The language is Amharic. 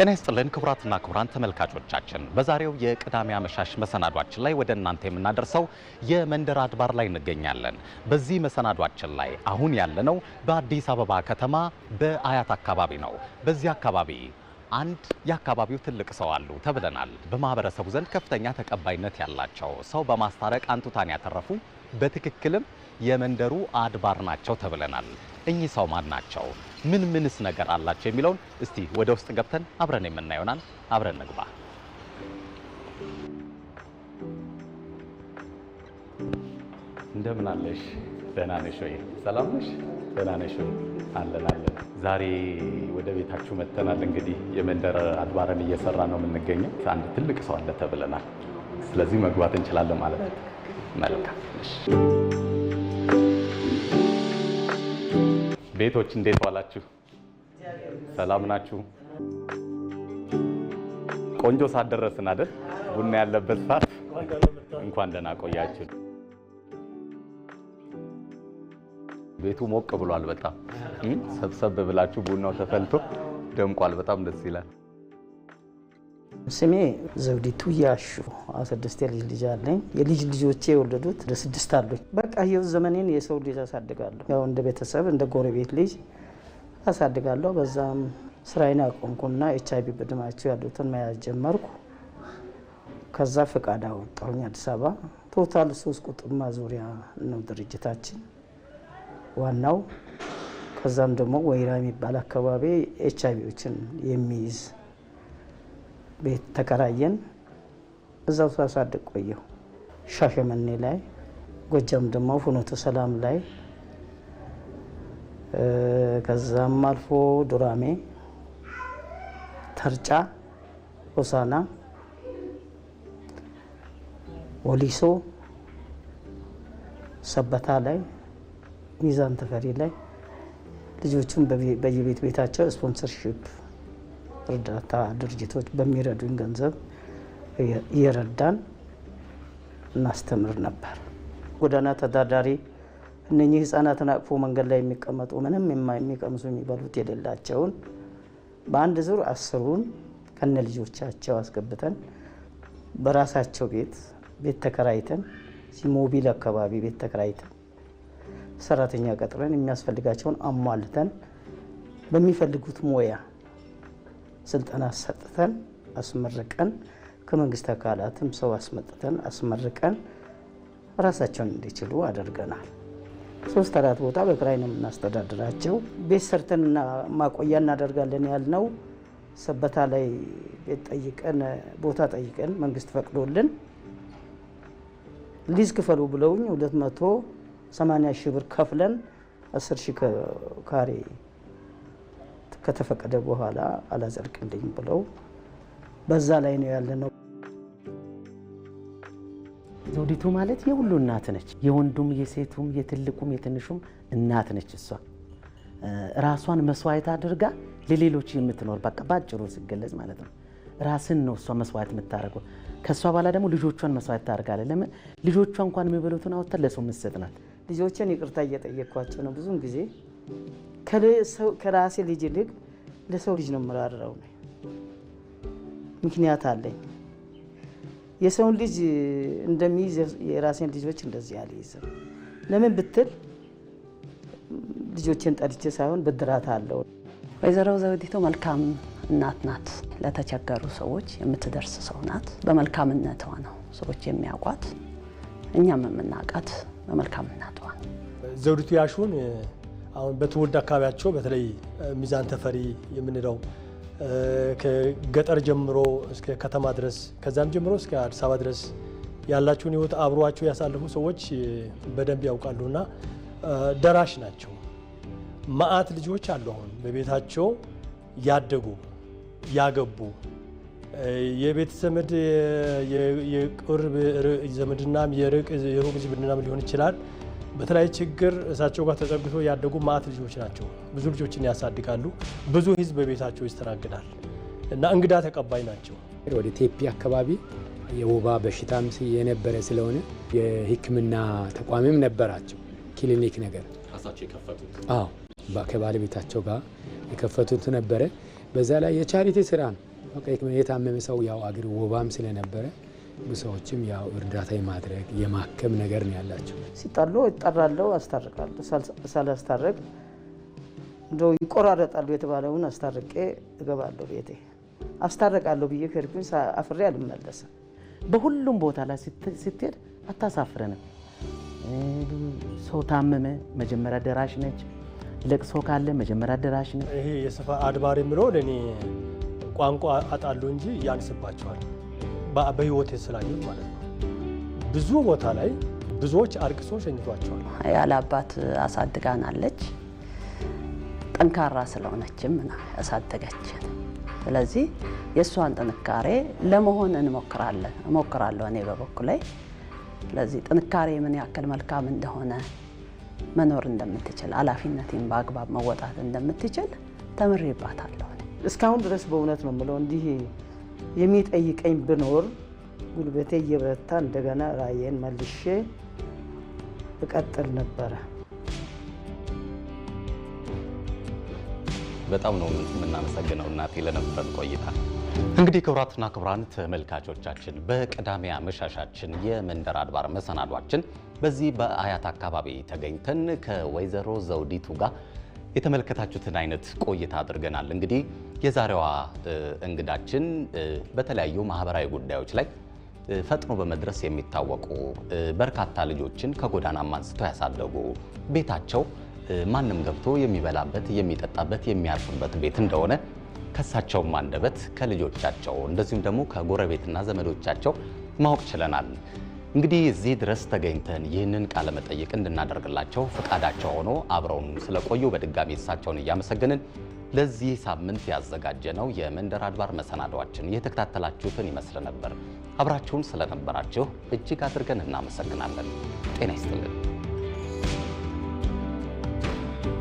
ጤና ይስጥልን ክቡራትና ክቡራን ተመልካቾቻችን፣ በዛሬው የቅዳሜ አመሻሽ መሰናዷችን ላይ ወደ እናንተ የምናደርሰው የመንደር አድባር ላይ እንገኛለን። በዚህ መሰናዷችን ላይ አሁን ያለነው በአዲስ አበባ ከተማ በአያት አካባቢ ነው። በዚህ አካባቢ አንድ የአካባቢው ትልቅ ሰው አሉ ተብለናል። በማህበረሰቡ ዘንድ ከፍተኛ ተቀባይነት ያላቸው ሰው በማስታረቅ አንቱታን ያተረፉ በትክክልም የመንደሩ አድባር ናቸው ተብለናል። እኚህ ሰው ማን ናቸው? ምን ምንስ ነገር አላቸው የሚለውን እስቲ ወደ ውስጥ ገብተን አብረን የምናየውናል። አብረን ንግባ። እንደምን አለሽ? ደህና ነሽ ወይ? ሰላም ነሽ? ደህና ነሽ ወይ? አለን አለን። ዛሬ ወደ ቤታችሁ መጥተናል። እንግዲህ የመንደር አድባርን እየሰራ ነው የምንገኘው። አንድ ትልቅ ሰው አለ ተብለናል። ስለዚህ መግባት እንችላለን ማለት ነው። መልካም ቤቶች እንዴት ዋላችሁ? ሰላም ናችሁ? ቆንጆ ሰዓት ደረስን አይደል? ቡና ያለበት ሰዓት። እንኳን ደህና ቆያችሁ። ቤቱ ሞቅ ብሏል። በጣም ሰብሰብ ብላችሁ ቡናው ተፈልቶ ደምቋል። በጣም ደስ ይላል። ስሜ ዘውዲቱ ያሹ ስድስት የልጅ ልጅ አለኝ። የልጅ ልጆቼ የወለዱት ስድስት አሉኝ። በቃ ህይወት ዘመኔን የሰው ልጅ አሳድጋለሁ። ያው እንደ ቤተሰብ እንደ ጎረቤት ልጅ አሳድጋለሁ። በዛም ስራዬን አቆምኩና ኤች አይቪ በደማቸው ያሉትን መያዝ ጀመርኩ። ከዛ ፈቃድ አወጣሁኝ አዲስ አበባ ቶታል ሶስት ቁጥር ማዞሪያ ነው ድርጅታችን ዋናው። ከዛም ደግሞ ወይራ የሚባል አካባቢ ኤች አይቪዎችን የሚይዝ ቤት ተከራየን። እዛው ሳሳድግ ቆየሁ። ሻሸመኔ ላይ፣ ጎጃም ደግሞ ፍኖተ ሰላም ላይ፣ ከዛም አልፎ ዱራሜ፣ ተርጫ፣ ሆሳና፣ ወሊሶ፣ ሰበታ ላይ፣ ሚዛን ተፈሪ ላይ ልጆቹን በየቤት ቤታቸው ስፖንሰርሽፕ እርዳታ ድርጅቶች በሚረዱን ገንዘብ እየረዳን እናስተምር ነበር። ጎዳና ተዳዳሪ እነኚህ ህጻናትን አቅፎ መንገድ ላይ የሚቀመጡ ምንም የሚቀምሱ የሚበሉት የሌላቸውን በአንድ ዙር አስሩን ከነ ልጆቻቸው አስገብተን በራሳቸው ቤት ቤት ተከራይተን ሞቢል አካባቢ ቤት ተከራይተን ሰራተኛ ቀጥረን የሚያስፈልጋቸውን አሟልተን በሚፈልጉት ሙያ ስልጠና ሰጥተን አስመርቀን ከመንግስት አካላትም ሰው አስመጥተን አስመርቀን ራሳቸውን እንዲችሉ አድርገናል። ሶስት አራት ቦታ በክራይ ነው የምናስተዳድራቸው። ቤት ሰርተን ማቆያ እናደርጋለን ያልነው ሰበታ ላይ ቤት ጠይቀን ቦታ ጠይቀን መንግስት ፈቅዶልን ሊዝ ክፈሉ ብለውኝ 280 ሺህ ብር ከፍለን 10 ሺህ ካሬ ከተፈቀደ በኋላ አላጸድቅልኝ ብለው በዛ ላይ ነው ነው። ዘውዲቱ ማለት የሁሉ እናት ነች። የወንዱም፣ የሴቱም፣ የትልቁም፣ የትንሹም እናት ነች። እሷ ራሷን መስዋዕት አድርጋ ለሌሎች የምትኖር በቃ ባጭሩ ሲገለጽ ማለት ነው። ራስን ነው እሷ መስዋዕት የምታደርገው። ከእሷ በኋላ ደግሞ ልጆቿን መስዋዕት ታደርጋለ። ለምን ልጆቿ እንኳን የሚበሉትን አውጥተን ለሰው የምትሰጥ ናት። ልጆችን ይቅርታ እየጠየቅኳቸው ነው ብዙውን ጊዜ ከራሴ ልጅ ይልቅ ለሰው ልጅ ነው የምራረው ምክንያት አለኝ። የሰውን ልጅ እንደሚይዝ የራሴን ልጆች እንደዚህ አልይዝም። ለምን ብትል ልጆቼን ጠልቼ ሳይሆን ብድራት አለው። ወይዘሮ ዘውዲቱ መልካም እናት ናት። ለተቸገሩ ሰዎች የምትደርስ ሰው ናት። በመልካምነቷ ነው ሰዎች የሚያውቋት፣ እኛም የምናውቃት በመልካምነቷ ነው። ዘውዲቱ ያሹን አሁን በትውልድ አካባቢያቸው በተለይ ሚዛን ተፈሪ የምንለው ከገጠር ጀምሮ እስከ ከተማ ድረስ ከዛም ጀምሮ እስከ አዲስ አበባ ድረስ ያላቸውን ህይወት አብሯቸው ያሳለፉ ሰዎች በደንብ ያውቃሉና ደራሽ ናቸው። ማአት ልጆች አሉ። አሁን በቤታቸው ያደጉ ያገቡ የቤት ዘመድ የቅርብ ዘመድናም የሩቅ ዝምድናም ሊሆን ይችላል በተለያየ ችግር እሳቸው ጋር ተጠግቶ ያደጉ ማአት ልጆች ናቸው። ብዙ ልጆችን ያሳድጋሉ። ብዙ ህዝብ በቤታቸው ይስተናግዳል እና እንግዳ ተቀባይ ናቸው። ወደ ቴፒ አካባቢ የወባ በሽታም የነበረ ስለሆነ የህክምና ተቋምም ነበራቸው። ክሊኒክ ነገር ከባለቤታቸው ጋር የከፈቱት ነበረ። በዛ ላይ የቻሪቲ ስራ ነው። የታመመ ሰው ያው አገር ወባም ስለነበረ ሰዎችም ያው እርዳታ የማድረግ የማከም ነገር ነው ያላቸው። ሲጣሉ ይጠራለው፣ አስታርቃለሁ። ሳላስታርቅ እንደው ይቆራረጣሉ የተባለውን አስታርቄ እገባለሁ ቤቴ። አስታርቃለሁ ብዬ ከሄድኩኝ አፍሬ አልመለስም። በሁሉም ቦታ ላይ ስትሄድ አታሳፍረንም። ሰው ታመመ መጀመሪያ ደራሽ ነች። ለቅሶ ካለ መጀመሪያ ደራሽ ነች። ይሄ የሰፋ አድባሪ የምለው ለእኔ ቋንቋ አጣሉ እንጂ ያንስባቸዋል። በህይወት ስላየሁት ማለት ነው። ብዙ ቦታ ላይ ብዙዎች አርቅሶ ሸኝቷቸዋል። ያለ አባት አሳድጋናለች። ጠንካራ ስለሆነችም አሳደገችን። ስለዚህ የእሷን ጥንካሬ ለመሆን እንሞክራለን እሞክራለሁ እኔ ላይ ስለዚህ ጥንካሬ ምን ያክል መልካም እንደሆነ መኖር እንደምትችል ኃላፊነቴን በአግባብ መወጣት እንደምትችል ተምሬባታለሁ። እስካሁን ድረስ በእውነት ነው የምለው እንዲህ የሚጠይቀኝ ብኖር ጉልበቴ እየበረታ እንደገና ራየን መልሼ እቀጥል ነበረ። በጣም ነው የምናመሰግነው እናቴ ለነበረን ቆይታ። እንግዲህ ክቡራትና ክቡራን ተመልካቾቻችን በቅዳሜ አመሻሻችን የመንደር አድባር መሰናዷችን በዚህ በአያት አካባቢ ተገኝተን ከወይዘሮ ዘውዲቱ ጋር የተመለከታችሁትን አይነት ቆይታ አድርገናል። እንግዲህ የዛሬዋ እንግዳችን በተለያዩ ማህበራዊ ጉዳዮች ላይ ፈጥኖ በመድረስ የሚታወቁ በርካታ ልጆችን ከጎዳና አንስተው ያሳደጉ ቤታቸው ማንም ገብቶ የሚበላበት የሚጠጣበት የሚያርፍበት ቤት እንደሆነ ከሳቸው አንደበት ከልጆቻቸው እንደዚሁም ደግሞ ከጎረቤትና ዘመዶቻቸው ማወቅ ችለናል። እንግዲህ እዚህ ድረስ ተገኝተን ይህንን ቃለ መጠይቅ እንድናደርግላቸው ፈቃዳቸው ሆኖ አብረውን ስለቆዩ በድጋሚ እሳቸውን እያመሰገንን ለዚህ ሳምንት ያዘጋጀነው የመንደር አድባር መሰናዷችን የተከታተላችሁትን ይመስል ነበር። አብራችሁን ስለነበራችሁ እጅግ አድርገን እናመሰግናለን። ጤና ይስጥልን።